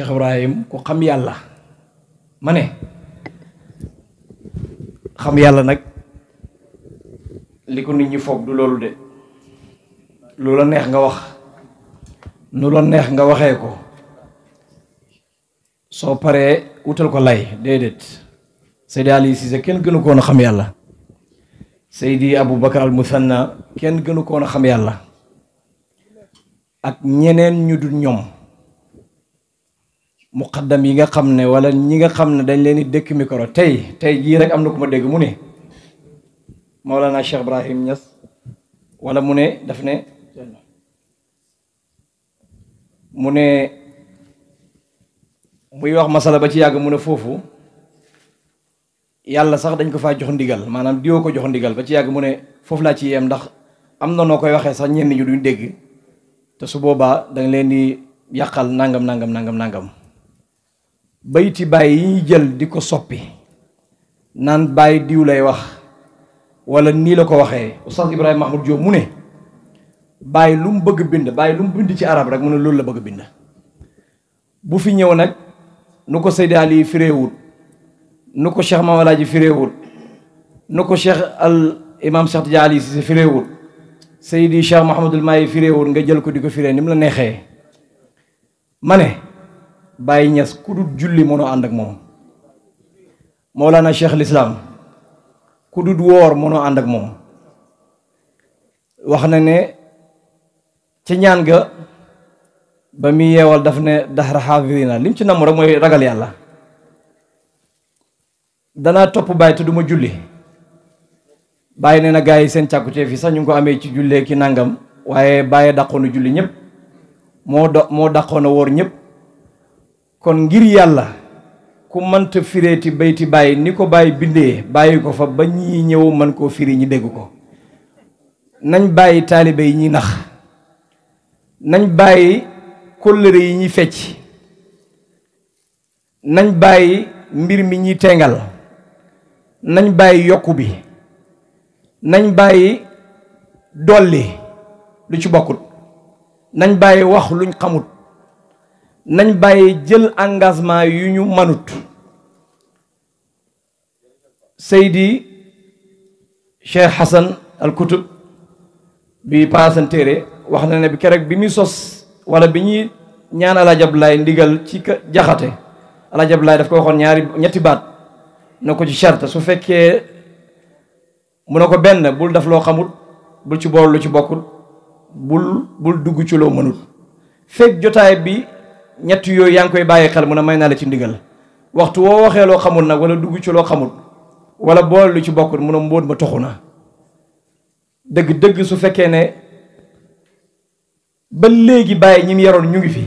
Cheikh Ibrahim ku xam yàlla ma ne xam yàlla nag li ko nit ñi foog du loolu de lu la neex nga wax nu la neex nga waxee ko soo paree wutal ko lay déedéet Seydi Ali kenn gënu koon a xam yàlla Seydi Aboubacar al Muthanna kenn gënu koon a xam yàlla ak ñeneen ñu dul ñoom muqaddam yi nga xam ne wala ñi nga xam ne dañ leen di dëkk mikoro tey tey jii rek am na ku ma dégg mu ne Mawlana Cheikh Ibrahim Niass wala mu ne daf ne mu ne muy wax masala ba ci yàgg mu ne foofu yàlla sax dañ ko faa jox ndigal maanaam diwoo ko jox ndigal ba ci yàgg mu ne foofu laa ci yem ndax am na noo koy waxee sax ñenn ñu duñ dégg te su boobaa danga leen di yàqal nangam nangam nangam nangam bayti bàyyi yi jël diko soppi nan bàyyi diw lay wax wala ni la ko waxee oustaz Ibrahima Mahmoud Diop mune ne lum bëgg bind bàyyi lum bind ci arab rek mune lool la bëgg bind bu fi ñëw nak nuko ko Seydi Ali firewul nuko Cheikh mawlaji firewul nuko Cheikh al imam Cheikh tidiali ci firewul Seydi Cheikh mahmoud al Mahi firewul nga jël ko diko firé nim la nexé mané Bayi ñas ku dul julli mëno and ak mom maulana Cheikh l'islam ku dul woor mënoo ak mom wax na ne ci ñaan ga ba mi yeewal daf ne daxra xaafirina lim ci nam rek moy ragal yalla dana top bay tu duma julli bay nee na gaay yi seen càkkutee fi sax ñu ko amé ci julle ki nangam waaye baye daqonu julli ñep mo mo daqona wor ñep kon ngir yàlla ku mënta fireeti bayti bàyyi ni ko bàyyi bindee bàyyi ko fa ba ñi ñëw mën koo firi ñi dégg ko nañ bàyyi taalibe yi ñi nax nañ bàyyi kóllëre yi ñi fecc nañ bàyyi mbir mi ñi tengal nañ bàyyi yokku bi nañ bàyyi dolli lu ci bokkut nañ bàyyi wax luñ xamut nañ bàyyi jël engagement yu ñu mënut Seydi Cheikh Hassan al Kutub bi paasan téere wax na ne bi kereeg bi muy sos wala bi ñuy ñaan alajab laay ndigal ci jaxate alajab laay daf ko waxoon ñaari ñetti baat na ko ci charte su fekkee mu ne ko benn bul daf loo xamut bul ci bool lu ci bokkul bul bul dugg ci loo mënul fekk jotaay bi ñetti yooyu yaa ngi koy bàyyi xel mun a may naa la ci ndigal waxtu woo waxee loo xamul nag wala dugg ci loo xamul wala boole lu ci bokkul mu ne mbóot ma toxu na dëgg-dëgg su fekkee ne ba léegi bàyyi ñim yaroon ñu ngi fi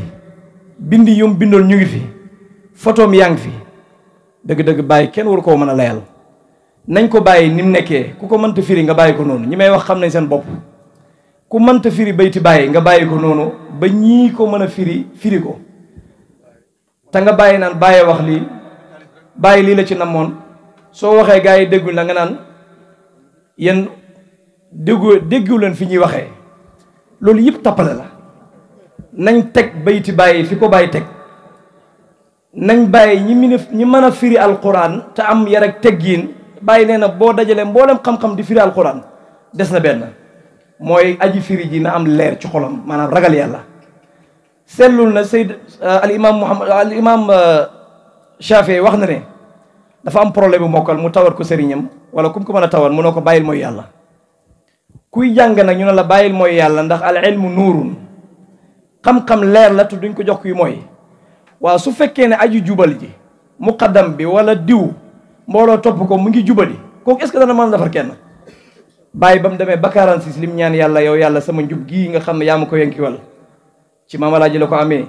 bind yum bindoon ñu ngi fi fotoom yaa ngi fi dëgg-dëgg bàyyi kenn waru koo mën a layal nañ ko bàyyi ni nekkee ku ko mënta firi nga bàyyi ko noonu ñi may wax xam nañ seen bopp ku mënta firi bayti bàyyi nga bàyyi ko noonu ba ñii ko mën a firi firi ko te nga bàyyi naan bàyyee wax lii bàyyi lii la ci namoon soo waxee gars yi dégguñ na nga naan yéen déggu déggu leen fi ñuy waxee loolu yëpp tappale la nañ teg bayti bàyyi fi ko bàyyi teg nañ bàyyi ñi mën ñi mën a firi alxuraan te am yar teg giin bàyyi nee na boo dajalee mboolem xam-xam di firi alquran des na benn mooy aji firi ji na am leer ci xolam maanaam ragal yàlla سلول سيد آه، الامام محمد آه، الامام آه، شافعي واخنا ني دا فا ام بروبليم موكال مو تاور كو سيرينم ولا كوم كوم لا تاور مونوكو بايل موي يالا كوي جانغ نا نيو لا بايل موي يالا ندخ العلم نور خم خم لير لا تو دنجكو جوخ كوي موي وا سو فكين اجي جوبال جي مقدم بي ولا ديو مورو توب كو مونغي جوبالي كوك اسكو دا مان نافر كين باي بام دامي بكاران سيس لي نيان يالا يو يالا سما جوب جي nga xam ya mako yanki wala ci maamalaaji la ko amee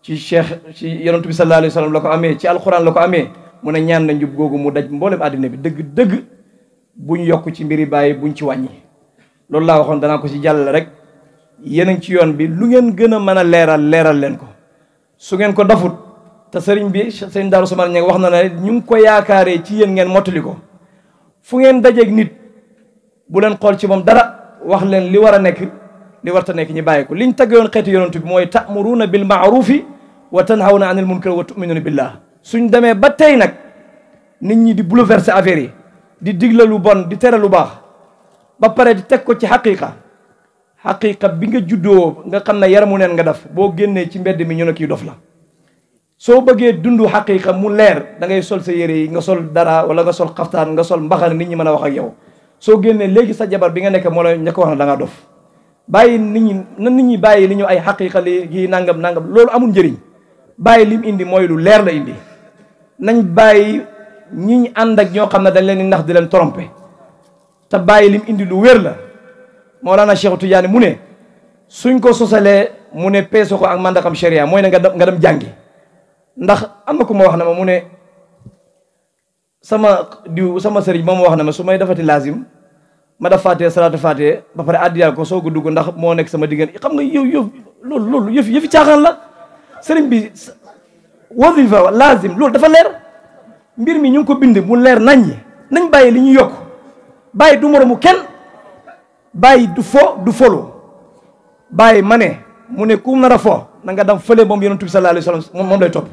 ci cheikh ci yonent bi sallallahu alayhi wa la ko amee ci alquran la ko amee mun ne ñaan na njub googu mu daj mboolem àddina bi dëgg-dëgg ñu yokk ci mbir yi bàyyi buñ ci wàññi loolu laa waxoon danaa ko ci jàllale rek yéen a ngi ci yoon bi lu ngeen gën a mën a leeral leeral leen ko su ngeen ko dafut te sëriñ bi sëriñ Daaru Samar ña wax na ne ñu ngi ko yaakaaree ci yéen ngeen mottali ko fu ngeen dajeeg nit bu leen xool ci moom dara wax leen li war a nekk ni warta nek ñi bayiko liñ tagge woon xeetu yonent bi moy ta'muruna bil ma'ruf wa tanhawna anil munkar wa tu'minuna billah suñ demee ba tay nak nit ñi di bouleverser affaire yi di digle lu bon di téré lu baax ba paré di tek ko ci haqiqa haqiqa bi nga juddo nga xamna ne yaramu neen nga daf bo génné ci mbéd mi ñu nak yu dof la so bëggé dundu haqiqa mu lèr da ngay sol sa yéré nga sol dara wala nga sol xaftaan nga sol mbaxal nit ñi mëna wax ak yow so génné légui sa jabar bi nga nek mo la njëkk wax da nga dof bàyyi nit ñi na nit ñi bàyyi li ñu ay xaqiqa li gi nangam nangam loolu amul njariñ bàyyi lim indi mooy lu leer la indi nañ bàyyi ñi ñu ànd ak ñoo xam ne dañ leen di nax di leen tromper te bàyyi lim indi lu wér la moo Mawlana Cheikh Tidiane mu ne suñ ko sosalee mu ne peese ko am mandakam sharia mooy ne nga dem nga dem jàngi ndax am na ku ma wax na ma mu ne sama diw sama sëriñ moom wax na ma su may defati lazim ma daf faatee salaatu faatee ba pare addiyaal ko soog a dugg ndax moo nekk sama diggante xam nga yow yow loolu loolu yëf yëfi caaxaan la sëriñ bi wasifa laazim loolu dafa leer mbir mi ñu ngi ko bind mu leer naññi nañ bàyyi li ñuy yokk bàyyi du moromu kenn bàyyi du fo du folo bàyyi ma ne mu ne fo na nga dem fële moom yonent bi sallallahu moom lay topp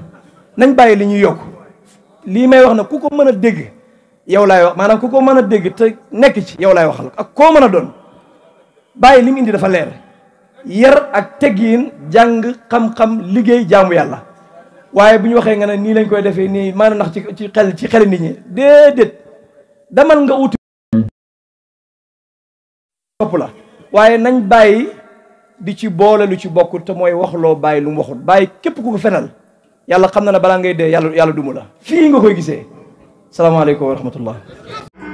nañ bàyyi li ñuy yokk lii may wax na ku ko mën a dégg yow laay wax maanaam ku ko mën a dégg te nekk ci yow laay waxal ak koo mën a doon bàyyi li mu indi dafa leer yar ak teggiin jàng xam-xam liggéey jaamu yàlla waaye bu ñu waxee nga ne nii lañ koy defee nii maanaam ndax ci ci xel ci xel nit ñi déedéet damal nga uti waaye nañ bàyyi di ci boole lu ci bokkul te mooy waxloo bàyyi lu mu bàyyi képp ku fenal yàlla xam na ne balaa ngay dee yàlla yàlla dumu la fii nga koy gisee السلام عليكم ورحمه الله